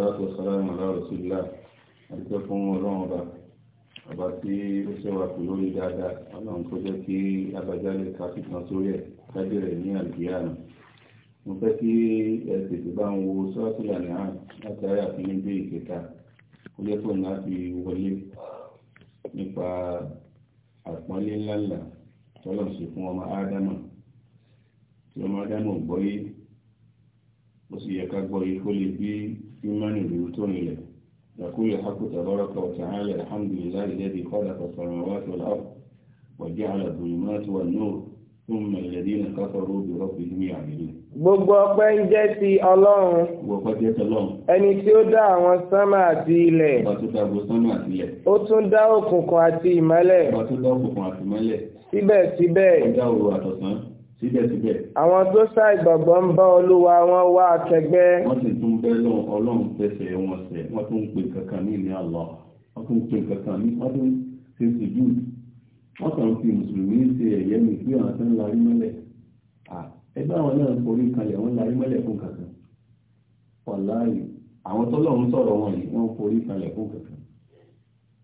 salatu wa salamu ala rasulillah àdúgbò fún ọlọ́run ọba ọba tí ó ṣẹ́wà kù lórí dáadáa ọlọ́run tó jẹ́ kí abájáde káfí kan sórí ẹ̀ kájẹ́ rẹ̀ ní àlùyá nù. mo fẹ́ kí ẹ tètè bá ń wo sọ́ọ̀tì àná láti ayé àfihàn bí ìkẹta ó jẹ́ fóònù láti wọlé nípa àpọ́nlé ńláńlá tọ́lọ̀ fún ọmọ ádámà tí ọmọ ádámà ò gbọ́ yé ó sì yẹ ká gbọ́ yé kó lè bí إيمان بوتون له يقول الحق تبارك وتعالى الحمد لله الذي خلق السماوات والأرض وجعل الظلمات والنور ثم الذين كفروا بربهم يعملون gbogbo ọpẹ́ ń jẹ́ ti Ọlọ́run ẹni tí ó dá àwọn sánmà àti ilẹ̀ ó tún dá òkùnkùn àti ìmọ́lẹ̀ síbẹ̀síbẹ̀ síbẹ̀síbẹ̀. àwọn tó sá ìgbàgbọ́ ń bá olúwa wọn wá akẹgbẹ́. wọ́n sì tún bẹ́ lọ́wọ́ ọlọ́run tẹsẹ̀ wọn sẹ̀ wọ́n tún ń pè kankan ní ilé àlọ́ wọ́n tún ń pè kankan ní wọ́n tún ṣe sùjú wọ́n kàn fi mùsùlùmí ṣe ẹ̀yẹ mi pé àwọn tó ń larí mọ́lẹ̀ ẹgbẹ́ àwọn náà forí kalẹ̀ wọ́n larí mọ́lẹ̀ fún kankan wàláì àwọn tọ́lọ́run sọ̀rọ̀ wọn yìí wọ́n forí kalẹ̀ fún kankan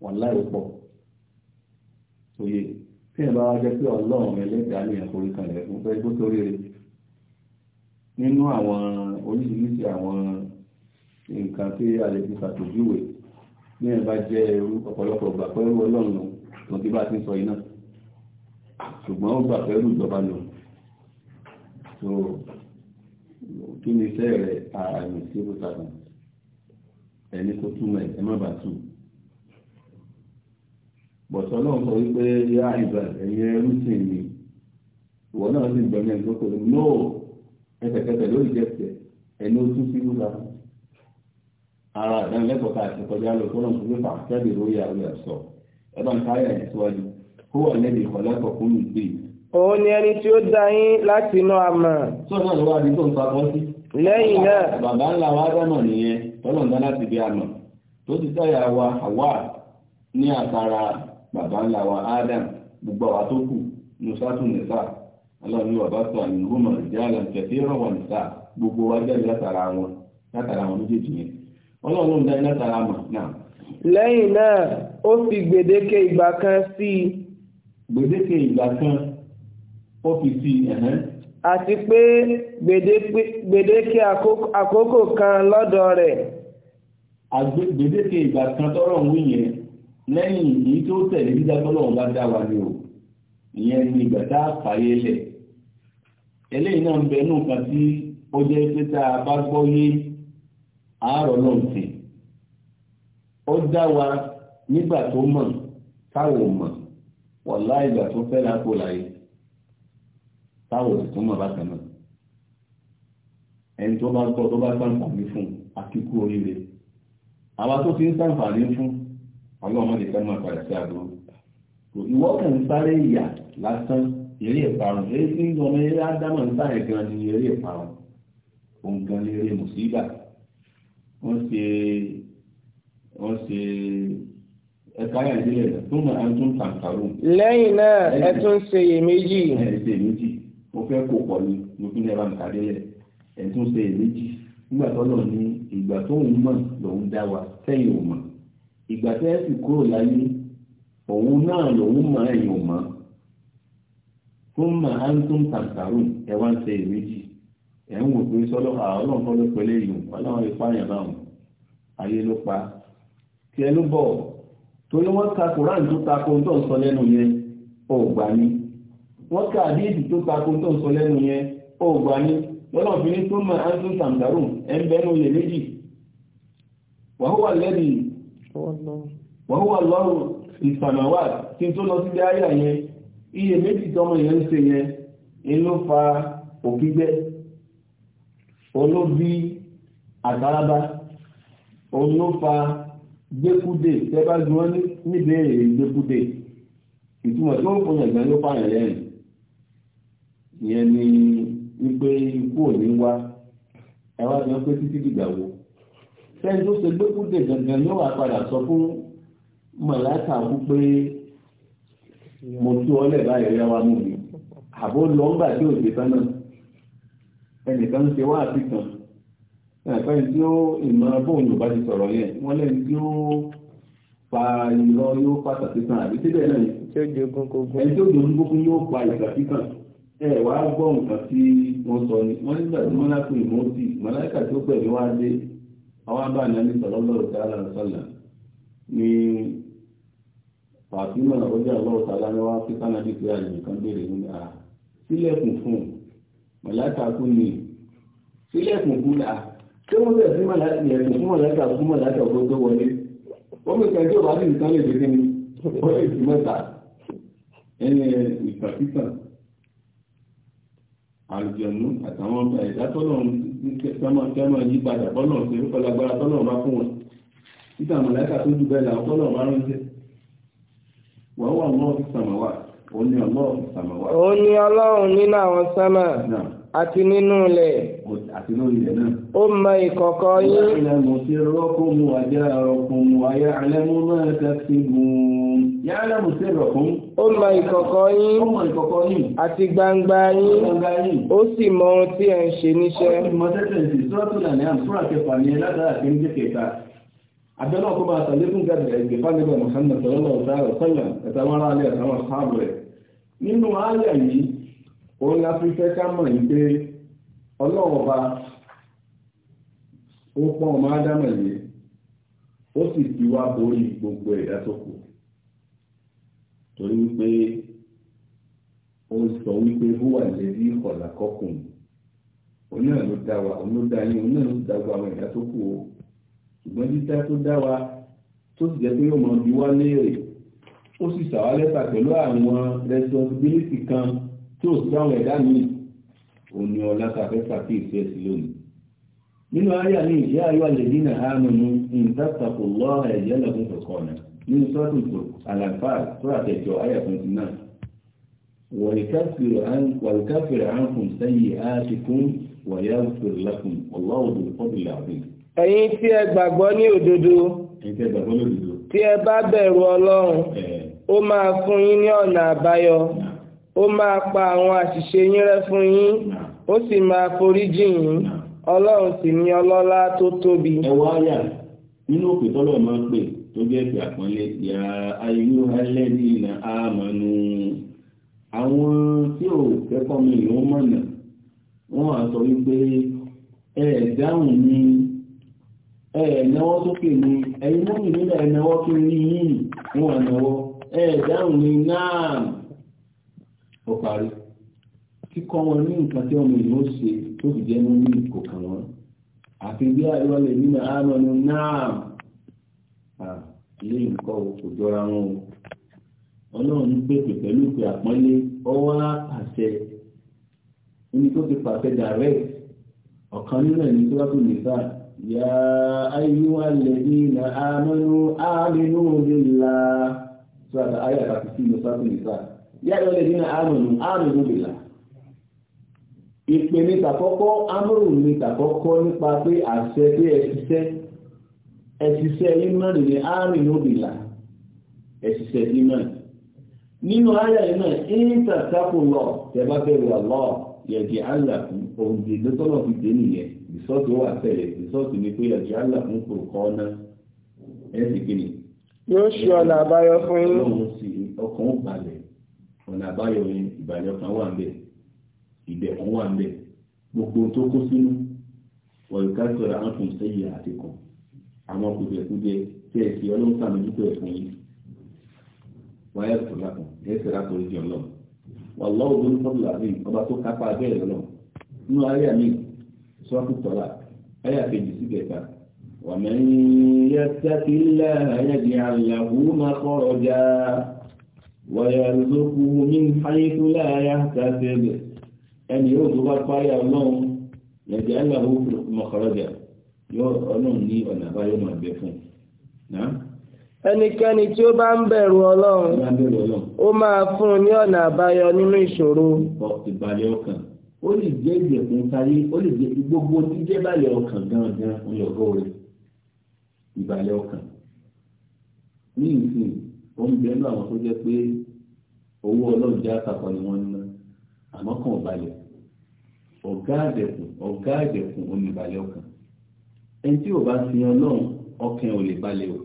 wàláì pọ̀ tó yẹ tí ẹ̀ bá wá jẹ́ pé ọlọ́run ẹlẹ́dàá ní ẹ̀kọ́rí kan lẹ̀ fún fẹ́ẹ́ gbótórí rẹ̀ nínú àwọn oríṣiríṣi àwọn nǹkan tí a lè fi ṣàpèjúwe ní ẹ̀ bá jẹ́ ẹrú ọ̀pọ̀lọpọ̀ gbà pẹ́rú ọlọ́run tó ti bá ti sọ iná ṣùgbọ́n ó gbà pẹ́rú ìjọba lò so kí ni iṣẹ́ rẹ̀ ààrùn sí ìbùsàkùn ẹni tó túmọ̀ ẹ̀ má bàa túmọ̀ bọ̀tọ́ náà sọ wípé yá ìgbà ẹ̀yẹ rúsìn mi ìwọ náà sì gbẹ̀mí ẹ̀ lóko ní no ẹsẹ̀kẹsẹ̀ lórí jẹ́sẹ̀ ẹni ó tún sí rúra ara ìdánilẹ́kọ̀ọ́ ká àti kọjá lọ tó náà tún fífà jáde lórí àwọn ẹ̀sọ́ ẹ bá ń kárí àyè síwájú kó wà lẹ́bi ìkọ̀lẹ́kọ̀ọ́ fún mi gbé. òun ni ẹni tí ó dá yín láti inú àmà. sọ́nà ló wà ní tó ń papọ̀ sí. lẹ́yìn náà. bàbá ńlá wa dáná nìyẹn tọ́lọ̀ ń dá láti bàbá ńlá wa Adam gbogbo àwa tó kù ní sátú nìta yóò bá sọ àyìn hómọ̀ ìjà àlàǹtẹ̀ gbogbo wa jáde látara wọn látara wọn méjèèjì yẹn ọlọ́run ló látara mọ̀ náà. lẹ́yìn náà ó fi gbèdéke ìgbà kan sí i. gbèdéke ìgbà kan kan lọ́dọ̀ rẹ̀. ìgbà kan tọrọ ń lẹ́yìn èyí tó tẹ̀lé dídá tọ́lọ́run bá dá wa ni o ìyẹn ni ìgbà tá a fàyè lẹ̀ eléyìí náà ń bẹ nù kan tí ó jẹ́ pé tá a bá gbọ́ yé àárọ̀ náà sí ó dá wa nígbà tó mọ̀ táwọn ò mọ̀ wọ̀lá ìgbà tó fẹ́ lápò láyé táwọn ò sì tún mọ̀ bákan náà ẹni tó bá gbọ́ tó bá sàǹfààní fún akíkú oríire àwa tó ti ń sàǹfààní fún ọlọ́run lè fẹ́ máa padà sí àdó ìwọ kàn ń sáré ìyà lásán eré ìparun eré tí ń ọmọ eré ádámà ń sáré gan ni eré ìparun òun gan ni eré mùsíbà wọ́n ṣe wọ́n ṣe ẹ̀ka ayà ìdílé rẹ̀ tó mọ̀ ẹ̀ tún tàǹkàrò. lẹ́yìn náà ẹ tún ṣe iyèméjì. ẹ ṣe iyèméjì mo fẹ́ kó pọ̀ ni mo fi ní ẹ bá ń kàdé lẹ̀ ẹ tún ṣe iyèméjì nígbà tó lọ ní ìgbà tó ń mọ̀ lòún dá wa sẹ́yìn ò mọ̀. ìgbà e kúrò láyé òun náà lòun mọ ẹ̀yìn ò mọ́ fún mà á ń tún ẹ wá ń ṣe ń wò pé ló yìí torí wọn ka koran tó ta tó ń sọ yẹn ó gbà ní ka tó ta tó ń sọ yẹn ó gbà ní ní tó á ń tún tàǹtàrù ẹ̀ ń méjì wàhùwà wọ́n wà lọ́rùn ìsànàwà tí tó lọ sí dáyà yẹn iye méjì tọmọ yẹn ń ṣe yẹn inú fa òkígbẹ́ olóbi àtàràbá fa gbékúdè tẹ́bá gbọ́n níbẹ̀rẹ̀ gbékúdè ìtumọ̀ tí wọ́n fún ẹ̀gbẹ́ ló pààyàn lẹ́yìn ìyẹn ni wípé ikú ò ní wá ẹwà ni wọ́n pé títí dìgbà wo sẹ́ni tó ṣe gbẹ́kúndé gangan yóò wá padà sọ fún mọ̀láta kú mo tú ọ lẹ̀ báyìí rẹ wa mú mi àbó lọ́ngbà tí òjò tán náà ẹnìkan ń ṣe wá àti kan ẹ̀fẹ́ni tí ó ìmọ̀ bóun yorùbá ti sọ̀rọ̀ yẹn wọ́n lẹ́yìn tí ó pa irọ́ yóò pàtàkì kan àbí síbẹ̀ náà ẹni tí ó jogun gbógun yóò pa ìgbàkí kan ẹ wàá gbọ́ nǹkan tí wọ́n sọ ni wọ́n nígbà tí wọ́n lápò ìmọ̀ sí mọ̀láìkà tó pẹ̀lú wá dé àwọn abá ànábì sọlọ́lọ́rọ̀ tààlà sọ́là ní Fàtímà ọjọ́ àlọ́rọ̀ tààlà ní wọ́n fífà náà dìkú àjò kan béèrè ní à sílẹ̀kùn fún mọ̀láta kú ni sílẹ̀kùn fún là ṣé wọ́n bẹ̀rẹ̀ sí mọ̀láta ẹ̀kùn fún mọ̀láta kú mọ̀láta ọgbọ́n tó wọlé wọ́n mi kàn tí ò bá ní nǹkan lè dédé ni ó lè fi mẹ́ta ẹni ìpàkítà àlùjọ̀nù àtàwọn ẹ̀dá tọ́lọ́run kẹ́mọ̀ yí padà bọ́lọ̀ sí ó pẹ̀lágbára tọ́lọ̀ bá fún wọn títà mọ̀láìkà tó jù bẹ́ẹ̀ làwọn tọ́lọ̀ bá ránṣẹ́ wọ́n wà mọ́ fi sàmàwà ó ní ọlọ́run sàmàwà. ó ní ọlọ́run nínú àwọn sámà àti nínú ilẹ̀. àti nínú ilẹ̀ náà. ó mọ ìkọ̀kọ̀ yín. wọ́n ti rọ́kùn mu àjẹ́ àrọ̀kùn mu àyà àlẹ́mú náà yàrá mùsùlùmí fún. ó mọ ìkọ̀kọ̀ yín. ó mọ yín. gbangba yín. gbangba yín. ó sì mọ ohun tí ẹ ń ṣe níṣẹ́. ó sì mọ tẹ́tẹ̀ sí sọ́ọ̀tún ní ẹlẹ́dàá àti ní kẹta. àbẹ́lẹ́ ọkọ̀ bá a sàlékún gàdì ẹgbẹ̀fà nígbà Muhammad sáàbù rẹ̀. nínú yìí òun la fi fẹ́ ká mọ̀ yìí pé ọlọ́wọ́ bá ó gbogbo ẹ̀dá torí wípé ó sọ wípé búwà lẹ́bí ọ̀là kọkùn òun náà ló dá wa òun ló dá yín òun náà ló dá wa àwọn ẹ̀dá tó kù o ṣùgbọ́n dídá tó dá wa tó sì jẹ́ pé yóò mọ bí wá léèrè ó sì ṣàwá pẹ̀lú àwọn responsibility kan tí ò sí àwọn ẹ̀dá míì òun ni ọlá tá a fẹ́ ṣàkíyèsí ẹ̀ sí lónìí nínú àyà ní ìyá ayọ́ àlẹ́dínà àánú ní ìtàkùn lọ́ọ̀rẹ̀ ìyẹ́lẹ̀kùn kọ̀ọ̀kan náà nínú sọ́dún tó àlàfà tó àtẹ̀jọ àyà tuntun náà tí ẹ gbàgbọ́ ní òdodo tí ẹ bá bẹ̀rù ọlọ́run ó máa fún yín ní ọ̀nà àbáyọ ó máa pa àwọn àṣìṣe yín rẹ́ fún yín ó sì máa foríjì yín ọlọ́run sì ni ọlọ́lá tó tóbi. nínú òkè máa ń pè tó jẹ́ ìgbà pọ́nlé ya ẹlẹ́ni ìnà àmọ́nú àwọn tí ò kẹ́kọ̀ọ́ mi ni mọ̀nà wọ́n á sọ wípé ẹ dáhùn ni ẹ sókè ni ẹ̀yin mọ́mì nílẹ̀ ẹ kí n rí yìí wọ́n á ẹ ni náà ó parí kíkọ́ wọn ní nǹkan tí ọmọ ìlú ṣe tó fi jẹ́ mọ́mì kò kàn wọ́n àfi bí ilé nǹkan o kò jọra wọn o ọlọ́run ń gbèpè pẹ̀lú ìpè àpọ́nlé ọwọ́ àṣẹ ẹni tó ti pàṣẹ direct ọ̀kan nínú ẹni tó wákò nípa yà áyíwá lẹ́bí na àmọ́nú àmínú òbílà tó àtà ayé àtàkì sí ìlú sáfì nípa yà áyíwá lẹ́bí na àmọ́nú àmínú òbílà ìpè ní tàkọ́kọ́ amúrù ní tàkọ́kọ́ nípa pé àṣẹ pé ẹ ṣiṣẹ́ ẹ̀sìsẹ́ imani ni ààrin òbìlà ẹ̀sìsẹ́ imani nínú ayà iná ìtàkàkù lọ tẹ́bá bẹ̀rù àlọ́ yẹ̀dì aláàkùn ohun tí ìlú tọ́lọ̀ fi dé nìyẹn rìsọ́ọ̀tì wà tẹ̀lé rìsọ́ọ̀tì ni pé yẹ̀dì aláàkùn kò kọ́ ọ́nà ẹ̀sìn kìíní. yóò ṣe ọ̀nà àbáyọ fún yín. ọkàn balẹ̀ ọ̀nà àbáyọ yẹn ìbàlẹ̀ ọkàn wà ńbẹ̀ wà gbogbo tó kó sínú àwọn kùdìẹ̀kùdìẹ tí ẹ fi ọlọ́run sàmójútó ẹ̀ fún yín wáyé ìfọ̀lá kan ẹ̀sẹ̀ rà torí jọ lọ wà lọ́wọ́ bó ní fọ́bùlà rí ọba tó kápá abẹ́rẹ́ lọ nínú àríyá mi sọ́ọ́kù tọ́lá àríyá kejì sí kẹta wà mẹ́rin yẹ tẹ́tí lẹ́ ẹ̀yẹ́dì àyàwó máa kọ́ ọjà wàyà lóko ní ayétú láàyà tàbí ẹni yóò tó bá ọlọ́run ní ọ̀nà àbáyọ máa fún un. ẹnikẹ́ni tí ó bá ń bẹ̀rù ọlọ́run ó máa fún ní ọ̀nà àbáyọ nínú ìṣòro. ó lè jẹ́ ìgbẹ̀kùn táyé ó lè jẹ́ gbogbo ọkàn rẹ̀ ìbàlẹ̀ ọkàn. ní ìsìn ó ń bẹ́ẹ̀ àwọn tó jẹ́ pé owó ọlọ́run àtàkọ́ ni wọ́n ná àmọ́ kàn ọ̀gá àdẹ̀kùn ọ̀gá àdẹ̀kùn ẹni tí ò bá fi ọlọ́run ọkàn ò lè balẹ̀ o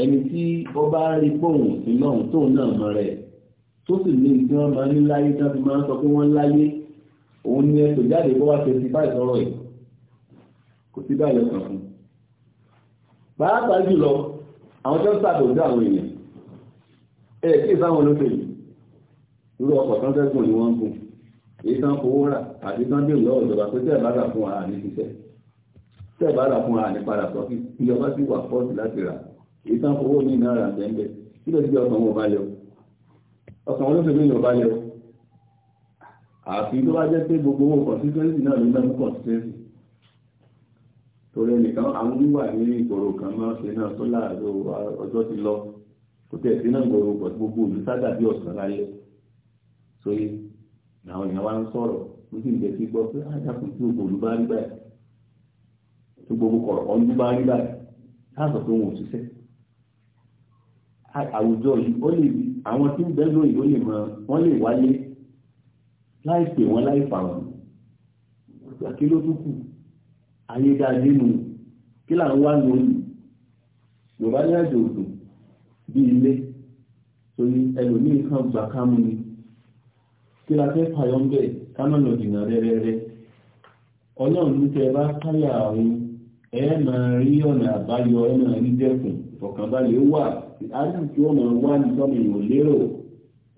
ẹni tí ó bá rí pòun sí lọ́run tóun náà mọ rẹ̀ tó sì ní tí wọ́n máa ń láyé tí wọ́n fi máa ń sọ pé wọ́n láyé òun ni ẹ̀tọ́ jáde bó wá ṣe ti báyìí sọ̀rọ̀ ẹ̀ kò sí báyìí ọkàn fún pàápàá jùlọ àwọn tó ń ṣàbòjú àwọn èèyàn ẹ̀ kí ìsáwọn olóṣèlú irú ọkọ̀ tán fẹ́ gùn ni wọ́n ń gùn èyí tán fowó rà àti tán dé ìlọ́wọ́ ìjọba pé tẹ́ẹ̀ bá rà fún àárín ṣiṣẹ́ tẹ́ẹ̀bá rà fún àní padà sọ fí ìjọba sí wà fọ́ọ̀tì láti rà ìtàn owó ní náírà tẹ́ńbẹ̀ kí ló ti ọkàn wọn bá lẹ ọkàn wọn ló fi mílíọ̀n bá lẹ àfi tó bá jẹ́ pé gbogbo owó constituency náà ló ń dánú constituency torí ẹnìkan àwọn wíwà ní ìgboro kan máa ń ṣe náà sólà ọjọ́ ti lọ kò tẹ̀ sí náà gbòòrò pọ̀ gbogbo òní sádà bí ọ̀sán lálẹ́ sóyè làwọn èèyàn wá ń sọ̀rọ̀ ó sì ń jẹ́ sí gbọ́ pé ah, tó gbogbo kọ̀rọ̀kọ́ ní bá rí báyìí káàsọ̀ pé wọn ò ṣiṣẹ́ àwùjọ yìí ó lè àwọn tí ń bẹ lóyìn ó lè mọ wọn lè wáyé láì pè wọn láì fà wọn kí ló tún kù ayé dáadé nu kí là ń wá ní olù yorùbá ní àjò òdò bí ilé tó ní ẹlòmíì kan gbà kámú ni kí la fẹ́ fàyọ́ ń bẹ̀ ká má lọ rẹ́rẹ́rẹ́ ọlọ́run ní tẹ bá káyà àwọn ẹ máa rí ọ̀nà àbáyọ ẹ máa rí dẹ́kun ìfọ̀kànbalẹ̀ wà àdìsí ó máa wá nítorí ìwò lérò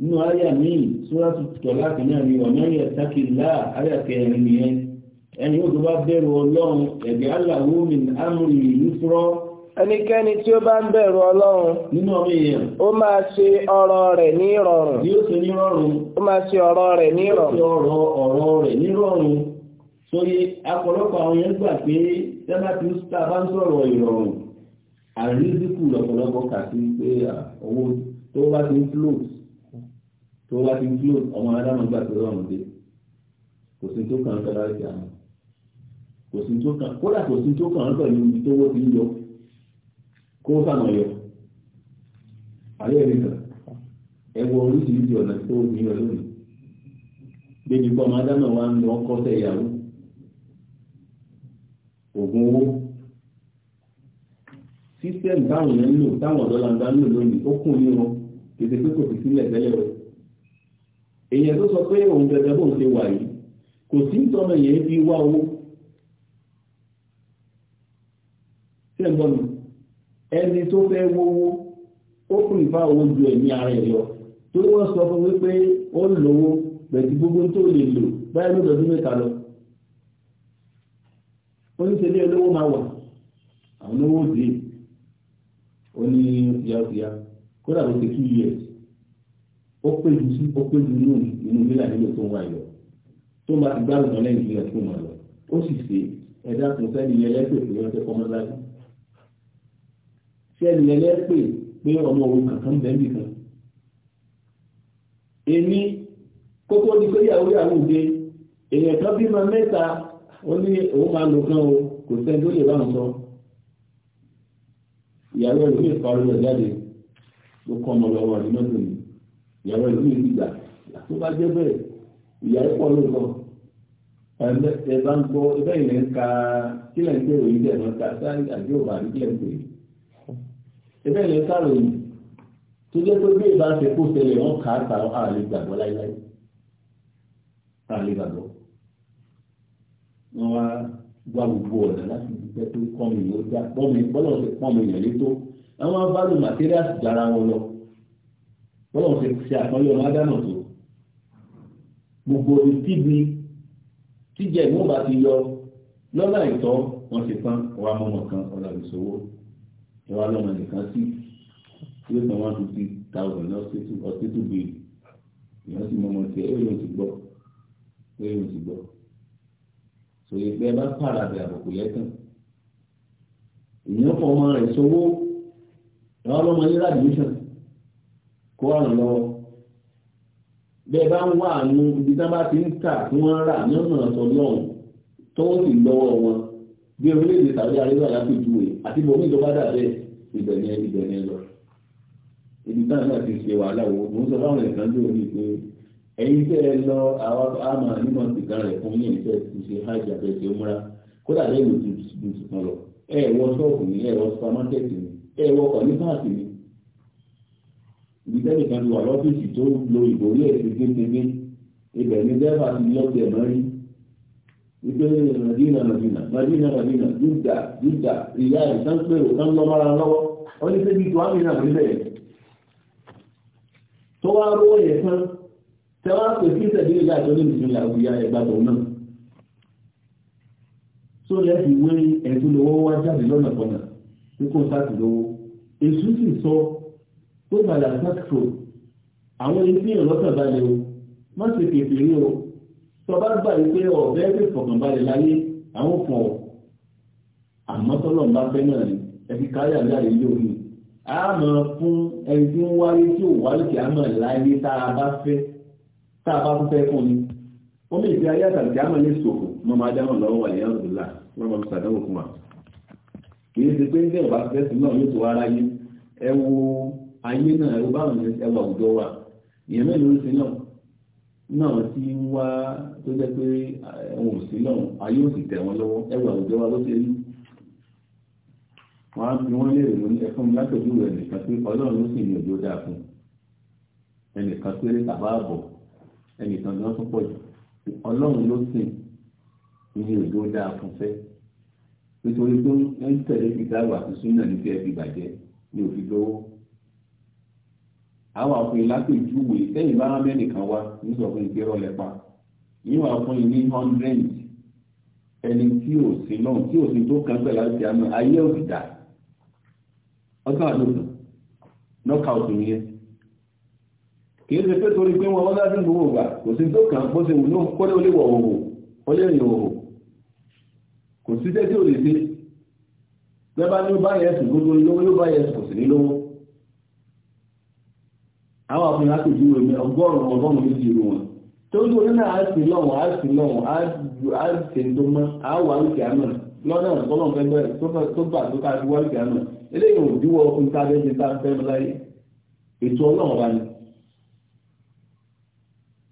nínú àyà míì sóràtú tọ̀ láti náà ní ọ̀nà yẹ sákìlá àyà kẹrin nìyẹn ẹni yóò tó bá bẹ̀rù ọlọ́run ẹ̀gẹ́ aláwo mi amúrì ìlú fúrọ́ ẹnikẹ́ni tí ó bá ń bẹ̀rù ọlọ́run nínú ọmọ èèyàn ó máa ṣe ọ̀rọ̀ rẹ̀ ní ìrọ̀rùn yóò ṣe ní rọ̀rùn ó máa ṣe ọ̀rọ̀ rẹ̀ ní ìrọ̀rùn yóò ṣe ọ̀rọ̀ rẹ̀ ní ìrọ̀rùn sórí akọ̀lọ́pọ̀ àwọn yẹn gbà pé tẹ́lá tí ó ta bá ń sọ̀rọ̀ ìrọ̀rùn àrídìkù lọ́pọ̀lọpọ̀ kà sí pé owó tó bá ti ń float tó bá ti ń float ọmọ adámọ gbà tó rọrùn dé kò sí tó kàn án pẹ̀lú àìsí àmọ́ kò sí tó kàn kódà kò sí tó kàn án pẹ̀lú ibi tó wó ti ń yọ kó sàmọ̀ yọ àlẹ́ ẹ̀rí kan ẹ oríṣiríṣi ọ̀nà tó ní ọ lónìí débi pé ọmọ adámọ wa ń lọ kọ́sẹ̀ ìyàwó oògùn owó sísẹ́m táwọn yẹn ń lò táwọn ọ̀dọ́ làǹdà ń lò lónìí ó kún ní wọn tètè pé kò sí sílẹ̀ tẹ́lẹ̀ rẹ̀ èèyàn tó sọ pé òun gẹ́gẹ́ bóun ṣe wà yìí kò sí ìtọ́nà yẹn fi wá owó ṣé ń bọ́ mi ẹni tó fẹ́ wówó ó kún ìfá owó ju ẹ̀mí ara ẹ̀ lọ tó wọ́n sọ fún wípé ó lówó pẹ̀lú gbogbo tó lè lò báyìí ló dọ̀dún mẹ́ta lọ oníṣẹ́lẹ̀ olówó máa wà àwọn olówó dé ó ní fìyàfìyà kódà ló ṣe two years ó pé ju sí ó pé ju nínú nínú mílà nílò tó ń wá ìlọ tó máa ti gbárùn kan lẹ́yìn ìgbìyànjú tó máa lọ ó sì ṣe ẹ̀dá kan sẹ́ni yẹn lẹ́pẹ̀ pé wọ́n fẹ́ kọ́ ọmọ láti sẹ́ni yẹn lẹ́pẹ̀ pé ọmọ òun kankan bẹ́ẹ̀ nìkan èmi kókó ní pé yàwó yàwó dé èèyàn kan bímọ mẹ́ta ó ní òun máa lò kán o kò sẹ́ni tó lè bá ń sọ ìyàwó ẹ̀rọ ní ìparí rẹ̀ jáde ló kọ́ ọmọ lọ́wọ́ ní mọ́tò ní ìyàwó ẹ̀rọ ní ìgbà tó bá jẹ́ bẹ́ẹ̀ ìyàwó pọ̀ ló kọ́ ẹ bá ń gbọ́ ẹgbẹ́ ìlẹ̀ ń ka kílẹ̀ ń pè òyìn dẹ̀ lọ ta sáré àti òbá ní kílẹ̀ ń pè ẹgbẹ́ ìlẹ̀ ń kárò yìí tó jẹ́ pé bí ìbá ṣe kó ṣẹlẹ̀ wọn kà á ta àlè gbàgbọ́ láíláí àlè gbàgbọ́ wọ́n wá wá gbogbo ọ̀nà láti fi jẹ́ pé kọ́mi yóò dá pọ́mi bọ́lọ̀ ṣe pọ́mi yàn lé tó àwọn abálò materials dára wọn lọ bọ́lọ̀ ṣe ṣe àpọ́nlé ọmọ adánà tó gbogbo ìtìbí tíjẹ́ ìwọ́n bá ti yọ lọ́lá ìtọ́ wọ́n ṣe tán wọ́n á mọ́mọ́ kan ọ̀là ìṣòwò ìwà lọ́mọ nìkan sí yóò san one fifty thousand ní hospital bill ìyẹn sì mọ́mọ́ tiẹ̀ ó yóò ti gbọ́ ó ti gbọ́ òye pé ẹ bá pààrà bẹ àbùkù yẹn tán èèyàn fọmọ rẹ̀ sowó lọ́wọ́ lọ́mọ nílá admission kó àrùn lọ́wọ́ bẹ́ẹ̀ bá ń wá àánú ibi tá bá ti ń tà tí wọ́n rà lọ́nà tọ́lọ́hún tọ́wọ́ sì lọ́wọ́ wọn bí orílẹ̀-èdè tàbí arẹ́wà lápèjúwe àti bòmí ìjọba dàbẹ́ ìbẹ̀ni ni lọ ibi táwọn náà ti ṣe wàhálà wo mo Eyi tẹ́ ẹ lọ àwọn àmà nímọ̀ sìgá rẹ̀ fún yín tẹ́ ti ṣe hajj àbẹ̀tẹ̀ múra kódà lẹ́yìn lọ ẹ wọ ẹ wọ ẹ wọ ní páàkì ìgbésẹ̀ lo ibẹ̀ dẹ́fà ti mọ́rí ìgbé nàdínà nàdínà nàdínà nàdínà dúdà dúdà ìyá tẹ́wọ́n pè sí ìtẹ̀dí ìlà tó ní ìsinmi àwùyá ẹ̀gbà tó náà tó lẹ́sì wé ẹ̀dún lówó wá jáde lọ́nà kọ̀nà tí kò sáàtì lówó èṣù sì sọ tó bàlá sáàtìfò àwọn etí ìrọ́sàn balẹ̀ o má ṣe kèfì rí o tó bá gbà wípé ọ̀bẹ́ ẹgbẹ́ ìfọ̀kànbalẹ̀ láyé àwọn fọ̀ àmọ́ tọ́lọ̀ ń bá fẹ́ náà ni ẹ̀fi káyà láyé lórí a máa fún ẹni tí ń wáyé tí ò wáyé kí a máa láyé tá a bá fẹ́ tá a bá tún fẹ́ fún ni ó lè fi ayé àtàlùkí àmọ́ ní ìṣòfò mọ́ máa dáhùn lọ́wọ́ wà lẹ́yìn ọ̀dùnlá wọ́n máa ṣàdánwò fún wa kì í ṣe pé ń bẹ̀rù bá fẹ́ sí náà yóò tó ara yé ẹ wo ayé náà ẹ wo báwọn ẹ wà àwùjọ wa ìyẹn mẹ́rin ló ń sin náà náà tí ń wá tó jẹ́ pé ẹ̀wọ̀n òsì náà ayé òsì tẹ̀ wọ́n lọ́wọ́ ẹ wo àwùjọ wa ló ṣe rí wọ́n á fi wọ́n léèrè lórí ẹfún látọ̀jú rẹ̀ nìkan pé ọlọ́run ló sì ní òjò dáa fún ẹnìkan péré tàbá àbọ̀ ẹnìkan gan tún pọ̀ jù ọlọ́run ló sìn ní òjò dáa fún fẹ́ nítorí tó ń tẹ̀lé fi dáwà tuntun náà ní fẹ́ẹ́ fi bàjẹ́ ní òfin lọ́wọ́ àwọn àfihàn lápèjúwe lẹ́yìn bá mẹ́nìkan wá nísọ̀ fún ìgbéró lẹ́pa níwà fún yín ní hundred ẹni tí ò sí náà tí ò sí tó kàn pẹ̀lú àti àmọ́ ayé òdìdá ọgbà lòdù knockout nìyẹn kìí ṣe pé torí pé wọn ọlá gbogbo ìgbà kò sí tó kàn bó ṣe wù ní kọ́lé olè wọ̀ òhò olè rìn òhò kò sí tẹ́tí ò lè lẹ́bàá ní ó bá yẹ ẹ̀sùn gbogbo lówó yóò bá yẹ ẹ̀sùn kò sí ní lówó àwọn àfihàn àpèjú rẹ̀ ọgọ́rùn-ún ọgọ́rùn-ún méjì irú wọn tó ń lórí náà á sì lọ́wọ́ á sì lọ́wọ́ á sì tó mọ́ á wà lókè àná lọ́nà ọ̀gọ́rùn-ún fẹ́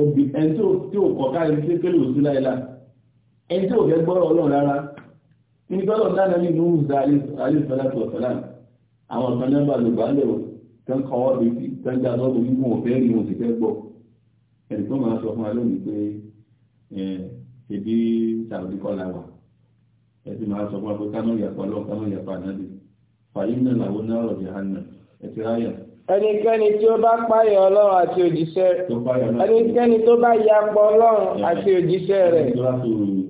òbí ẹni tí ò kọ̀ káàkiri tí kéle òsú láìlá ẹni tí ò fẹ́ gbọ́rọ̀ ọlọ́run rárá ní gbọ́dọ̀ dáná ní inú ìzà alẹ́sọ̀láṣọ ọ̀sọ̀lá àwọn ọ̀sán nọ́mbà ló gbà lẹ̀ tán kọ́ ọ́ bíi tán já lọ́gbọ̀n yìí wọn ò fẹ́ rí wọn sì fẹ́ gbọ́ ẹni tó máa sọ fún wa lónìí pé ṣèbí sàrùdí kọ́ la wà ẹtì máa sọ fún ẹnikẹ́ni tí ó bá páyà ọlọ́run àti òjíṣẹ́ ẹnikẹ́ni tó bá yapọ̀ ọlọ́run àti òjíṣẹ́ rẹ̀ ẹnikẹ́ni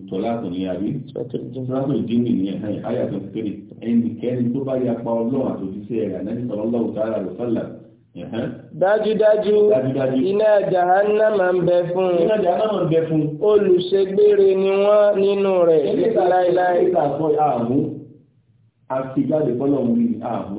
tó bá yapọ̀ ọlọ́run àti òjíṣẹ́ rẹ̀ ànábì sallallahu ta'ala alaihi wasallam dájúdájú iná jahannama ń bẹ fún un olùṣègbére ni wọ́n nínú rẹ̀ láíláí. àti jáde fọ́lọ́run ní ààbò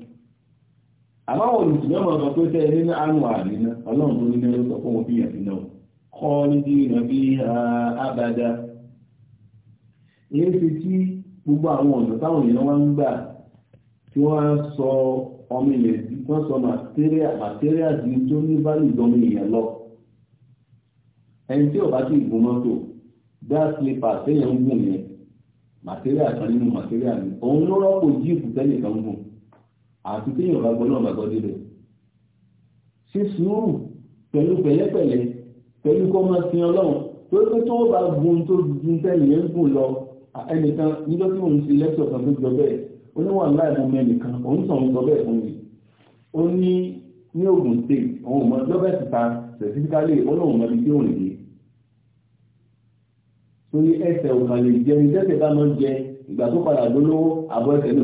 àmọ́ àwọn olùsùnmọ́ mọ̀ sọ pé tẹ́ ilé ní àrùn àrí náà ọlọ́run tó nílé ló sọ fún wọn bíyàn sínú kọ́ ní bí ìrìnà abada èyí tí gbogbo àwọn ọ̀nà táwọn èèyàn wá ń gbà tí wọ́n á sọ ọmọ ilẹ̀ tí wọ́n sọ material di tó ní báyìí ìdánwò èèyàn lọ ẹni tí ò bá sì gùn mọ́tò dá slipper téèyàn ń gùn yẹn material kan nínú material ni òun ló rọ́pò jíìpù tẹ́lẹ̀ kan gùn àti téèyàn bá gbọ́ náà bá gbọ́ débẹ̀ ṣe sùúrù pẹ̀lú pẹ̀lẹ́pẹ̀lẹ́ pẹ̀lú kọ́ máa sin ọlọ́run tó pé tó bá gun tó dun tẹ́lẹ̀ ń gùn lọ ẹnìkan níjọ́ tí òun ti lẹ́tọ̀ kan tó jọ bẹ́ẹ̀ ó ní wà láìpẹ́ mẹ́nìkan òun sọ̀rọ̀ sọ bẹ́ẹ̀ fún mi ó ní ní Ògùn state òun mọ lọ́bẹ̀ síta specifically ó lóun mọ ibi tí òun yìí torí ẹsẹ̀ òkàlè jẹun jẹ́sẹ̀ bá máa ń jẹ ìgbà tó padà lólówó àbọ̀ ẹsẹ̀ ló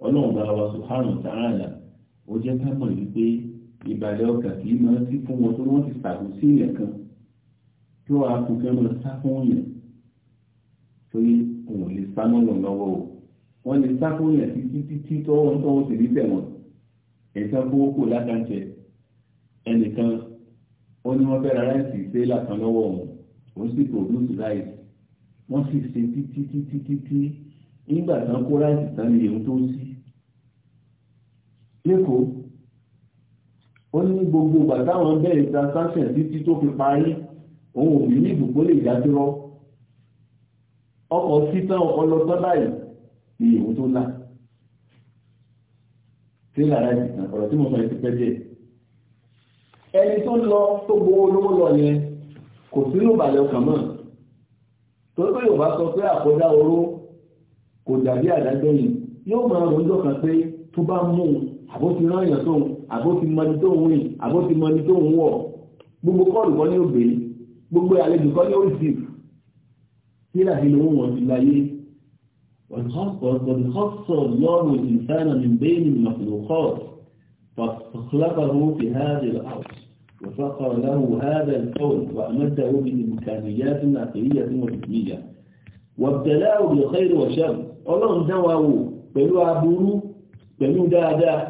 ọlọ́run bá wa subhanahu ta'ala ó jẹ́ ká mọ̀ wípé ìbàlẹ̀ ọkàn kì í máa sí fún wọn tó wọ́n ti sàkó sí ìyẹn kan tí wọ́n á kún kí wọ́n sá fún yẹn torí wọn ò lè sá mọ́nà lọ́wọ́ o wọ́n lè sá fún yẹn títí títí tọ́wọ́ tọ́wọ́ sì rí tẹ̀ wọ́n ẹ̀ka kówó kò lákàntẹ ẹnìkan ó ní wọ́n fẹ́ ra láìsí ìṣẹ́lá kan lọ́wọ́ wọn ó sì pòdúsù láìsí wọ́n sì ṣe títí títí títí nígbà tán kó láìsí tán ni èyí tó sí lẹ́kọ̀ọ́ ó ní gbogbo ìgbà táwọn bẹ̀rẹ̀ transaction títí tó fi parí òun ò ní ìdùkú lè dájúrọ́ ọkọ̀ sítan ọlọ́tọ́ báyìí ni ìwò tó là tí lára ìsìnkàn ọ̀rọ̀ tí mo sọ ti pẹ́ díẹ̀ ẹni tó lọ tó gbowó lówó lọ yẹn kò sínú ìbàlẹ̀ ọkàn mọ́ torí pé Yorùbá sọ pé àkọjá oró kò dàbí àdájọ́ yìí yóò máa ròjọ́ kan pé tó bá mú un àbó ti rán èèyàn tóun àbó ti mọni tóun rìn àbó ti mọni tóun wọ̀ gbogbo kọ́ọ̀lù kan ní òbè gbogbo àlejò kan ní òsì sílẹ̀ àti lówó wọn ti láyé wọ́n kọ́sọ̀ lọ́rùn ìsánà ní bẹ́ẹ̀ni mọ̀kùnlọ́kọ́ọ̀ فاخلقه في هذه الأرض وفقر له هذا الكون وأمده بإمكانيات عقلية وحكمية وابتلاه بالخير والشر ọlọ́run dán wa wò pẹ̀lú aburú pẹ̀lú dáadáa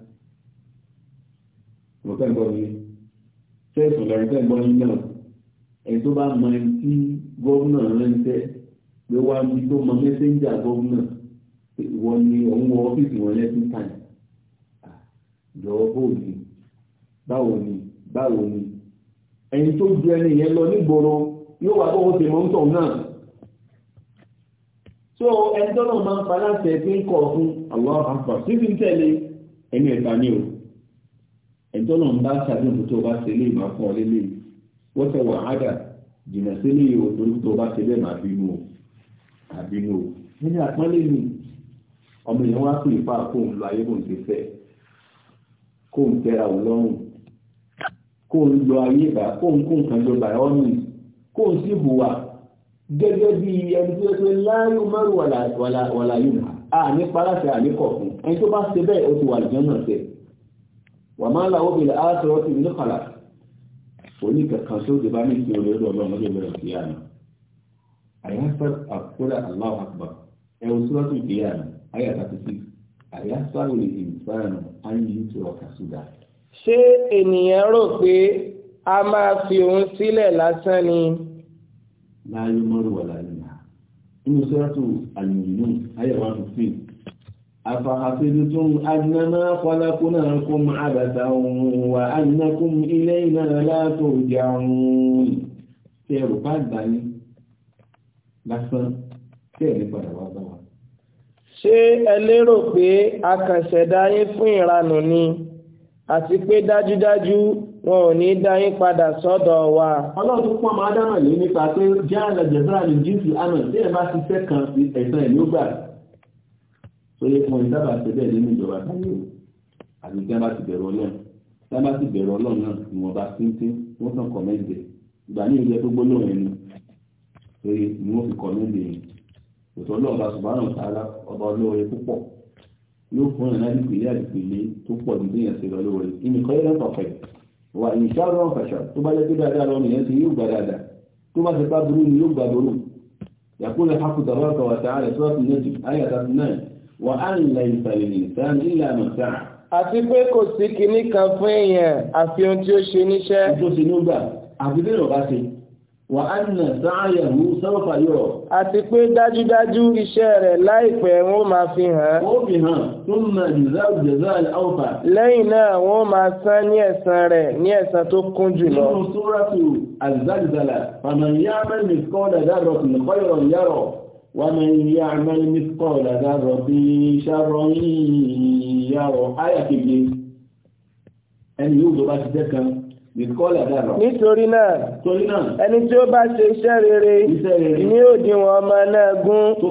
mo fẹ́ gbọ́ yìí ṣé ètò lẹ́yìn fẹ́ gbọ́ yìí náà ẹni tó bá mọ ẹni tí gómìnà ránṣẹ́ pé wá bí tó mọ mẹ́sẹ́ńjà gómìnà wọ́n ní òun wọ ọ́fíìsì wọn lẹ́sìn táyì jọ̀ọ́ bóòlù báwo ni báwo ni ẹni tó ju ẹni yẹn lọ nígboro yóò wá bọ́wọ́ sí mọ́ńtọ̀ náà tó ẹni tó náà máa ń fa ẹjọ́ náà ń bá ṣàdéhùn tó bá ṣe lé ìmọ̀ fún ọ lélẹ̀ wọ́n tẹ wàhádà jìnnà sí lè yọ torí tó bá ṣe bẹ́ẹ̀ máa bínú o àbínú o nínú àpọ́nlé mi ọmọ yẹn wá fún ìfá kóun lọ ayé kóun ti fẹ́ kóun tẹ́ra ò lọ́rùn kóun lọ ayé bá kóun kóun kan jọba ẹ̀ ọ́nù kóun sì hùwà gẹ́gẹ́ bí ẹni tó ṣe láyé mẹ́rù wàlàyé nà á nípa láti ẹni tó bá ṣe bẹ́ẹ̀ ó ti wà lùjọ́ náà wà máa láwọ́ bèèrè áàtọ̀rọ̀ ti ní kọ̀lá òní kankan tó ti bá ní kí olè lọ lọ́wọ́ lè bẹ̀rẹ̀ sí àná àyàfẹ́ àkúrẹ́ Allahu Akbar ẹ̀rù sọ́ọ̀tù ìdíyàná àyà thirty six àyàfẹ́ olè ìfẹ́ràn ayé tó ọkà sódà. ṣé ènìyàn rò pé a máa fi òun sílẹ̀ lásán ni. láyé mọ́rùwà láyé náà inú sọ́ọ̀tù àyùnú àyà أفحسبتم أنما خلقناكم عبثا وأنكم إلينا لا ترجعون kẹrù bá gbà ní lásán kẹrì padà wá bá wa. ṣé ẹ lérò pé a kàn ṣẹ̀dá yín fún ìranù ni àti pé dájúdájú wọn ò ní dá yín padà sọ́dọ̀ wa. ọlọ́run tó pọ́n máa dámọ̀ lé nípa pé jẹ́ àlẹ́ jẹ̀dá àlè jíìsì àná tí ẹ bá ti fẹ́ kan ẹ̀sán ẹ̀ ló gbà pé wọn dábàá ṣe bẹ́ẹ̀ nínú ìjọba táyé o àti tí wọn bá ti bẹ̀rù ọlọ́run tí wọn bá ti bẹ̀rù ọlọ́run náà ni wọn bá tíntín wọn sàn kọ̀mẹ́ǹdì ìgbà ní ìlú ẹ tó gbólóhùn ẹnu pé ni wọn fi kọ̀mẹ́ǹdì yẹn òtọ́ ọlọ́run bá ṣùgbọ́n àwọn sàárà ọba olóore púpọ̀ yóò fún ẹ̀ láti pìlẹ̀ àti pìlẹ̀ tó pọ̀ ju bíyàn ṣe lọ lóore ìnìkan yẹn lọ́tọ̀ fẹ̀ wà ìṣàrọ̀ ọ̀fàṣà tó bá jẹ́ pé dáadáa lọ́nà yẹn ti yóò gbà dáadáa tó bá ti pa burú ni yóò gbà burú yàkúlẹ̀ hakùtà wà kàwàtà àrẹ̀ sọ́ọ̀tì nẹ́ẹ̀tì àyàtà náà wà á ń la ìsàlẹ̀ nìsan nílà mọ̀tà. àti pé kò sí kinní kan fún èèyàn àfi ohun tí ó ṣe níṣẹ́. tó ṣe ní ó gbà àfi bẹ́ẹ̀ ọ̀bá ṣe wà á nà sáàyàwó sọ́fà yọ̀. àti pé dájúdájú iṣẹ́ rẹ̀ láìpẹ́ wọ́n máa fi hàn. ó fi hàn tó mọ jùzáù jùzáù alfa. lẹ́yìn náà wọ́n máa san ní ẹ̀san rẹ̀ ní ẹ̀san tó kún jùlọ. nínú sóràtù àzàlzàlà fàmìyàn mẹ́rin kọ́ ومن يعمل مثقال ذرة شرا يره آية kejì ẹni yóò tó bá kan مثقال ذرة nítorí náà torí náà ẹni tí ó ṣe iṣẹ́ rere rere ní ọmọ tó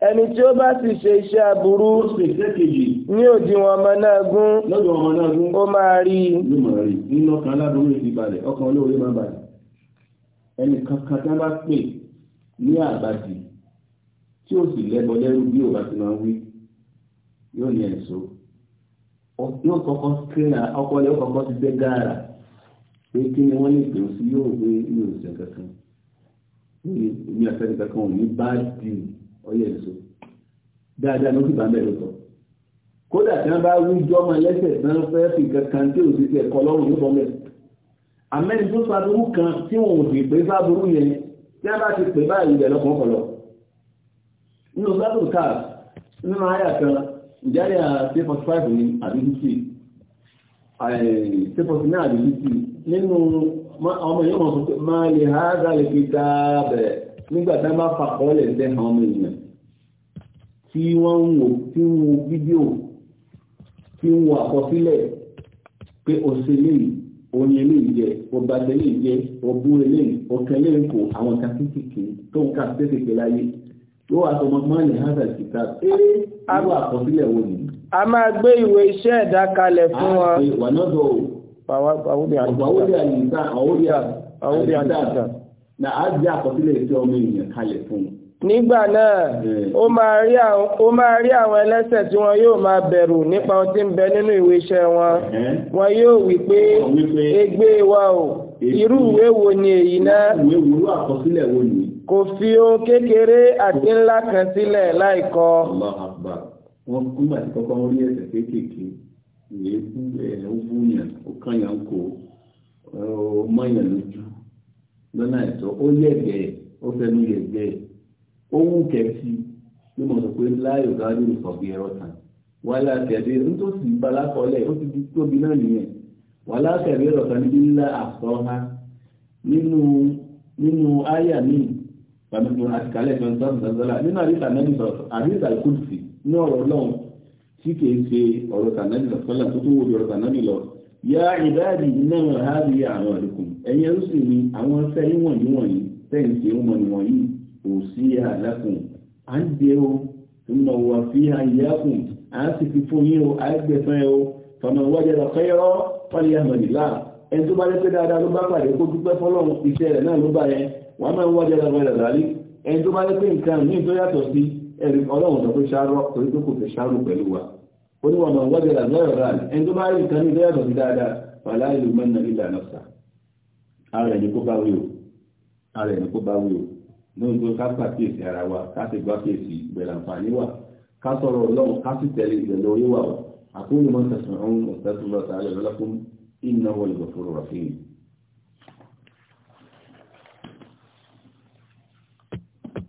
ẹni tí ó bá sì ṣe iṣẹ́ aburú ní ọmọ náà gún ó máa rí i nínú ọkàn olóore máa ẹnì kankan tí wọ́n bá pè ní àbàdì tí ó sì lẹ́bọ lẹ́rú bí òbá ti máa ń wí yóò ní ẹ̀sọ́ yóò kọ́kọ́ kíra ọkọ rẹ̀ kọ́kọ́ ti fẹ́ gààrà pé kí ni wọ́n lè pè ó sí yóò gbé ní òṣìṣẹ́ kankan ní ìmí àfẹ́ni kankan ò ní bá di ọyẹ ẹ̀sọ́ dáadáa ló sì bá mẹ́rin sọ kódà tí wọ́n bá wí jọ́mọ lẹ́sẹ̀ tí wọ́n fẹ́ fi kankan tí òṣìṣẹ́ kọ́ lọ́rùn ní bọ́mẹ́rin àmẹ́ni tó sàdúrú kan tí wọn ò sì pé sáàbúrú yẹn tí a bá ti pè báyìí ìbẹ̀ lọ́kàn kọlọ nínú sáàbùrú káà nínú àyà kan ìjáde à 345 ní àdúgbò sípòsí náà àdúgbò nínú ọmọ yóò mọ̀ pé máa lè ha dálé fi dáàbẹ̀ nígbà tá bá fàkọọ́lẹ̀ tẹ́ àwọn ọmọ èèyàn tí wọ́n ń wò tí ń wo fídíò tí ń wo àkọsílẹ̀ pé òṣèlú yìí oyin eléyìí jẹ ọba eléyìí jẹ ọbú eléyìí ọkàn eléyìí kò àwọn kan kékèké tó ń kà kékèké láyé ló wà sọmọ mọ́ọ̀lì hazard kìtà eré aró àkọsílẹ̀ wo ni. a máa gbé ìwé iṣẹ́ ẹ̀dá kalẹ̀ fún wa. wà náà dọ̀ ọ̀gbàwọ́lẹ̀ àyíká ọ̀wọ́lẹ̀ àyíká na a jẹ́ àkọsílẹ̀ iṣẹ́ ọmọ ènìyàn kalẹ̀ fún un. nígbà náà hmm. ó máa rí àwọn ẹlẹ́ṣẹ̀ tí wọn yóò máa bẹ̀rù nípa ohun tí ń bẹ nínú ìwé iṣẹ́ wọn hmm. wọn yóò wí pé wa o irú ìwé wo ni èyí náà kò fi ohun kékeré àti ńlá kan ohun kẹfì ni mo sọ pé láyò gáàdì nìkan bí ẹrọ tán wàhálà kẹfì nítòsí balákọọlẹ ó ti di tóbi náà nìyẹn wàhálà kẹfì ẹrọ kan níbi ńlá àtọha nínú nínú àyà míì pàmìlú àtìkálẹ̀ ìfẹ̀ǹtọ́ǹtọ́ǹtọ́lá nínú àríta nẹ́bìsọ̀ àríta ìkúlùsì ní ọ̀rọ̀ náà tí kìí ṣe ọ̀rọ̀ tànẹ́bì sọ̀tọ́lá tó tó wo ọ̀rọ̀ tànẹ́bì lọ yá ìbáàdì iná àhábì àwọn ọ̀dùnkùn ẹ̀yẹ ń sì ní àwọn ṣẹ́ ìwọ̀nyí wọ̀nyí tẹ́yìn ṣe mọ̀ nìwọ̀nyí òsíyà lákùn à ń dé o ìmọ̀ wà fi àyíyákùn à ń sì fi fún yín o à ń gbẹ̀sán ẹ o fàmà wájà lọ kẹ́yọ́rọ́ fọ́lì àmàlìlá ẹni tó bá lé pé dáadáa ló bá pàdé kó dúpẹ́ fọ́lọ́run iṣẹ́ rẹ̀ náà ló bá yẹn wà máa ń wájà lọ rẹ̀ rà ẹni tó bá lé nǹkan ní tó yàtọ̀ sí ẹ̀rí ọlọ́run tó lóòótọ́ ká pàkíyèsí ara wa ká sì gbá kíyèsí ìbẹ̀rẹ̀ àǹfààní wa ká sọ̀rọ̀ ọlọ́run ká sì tẹ̀lé ìbẹ̀rẹ̀ orí wa o àkóyè mọ́ tẹ̀sán ọ̀hún ọ̀sẹ̀ tó lọ ìnáwó ìgbọ̀fọ̀rọ̀ fún yìí.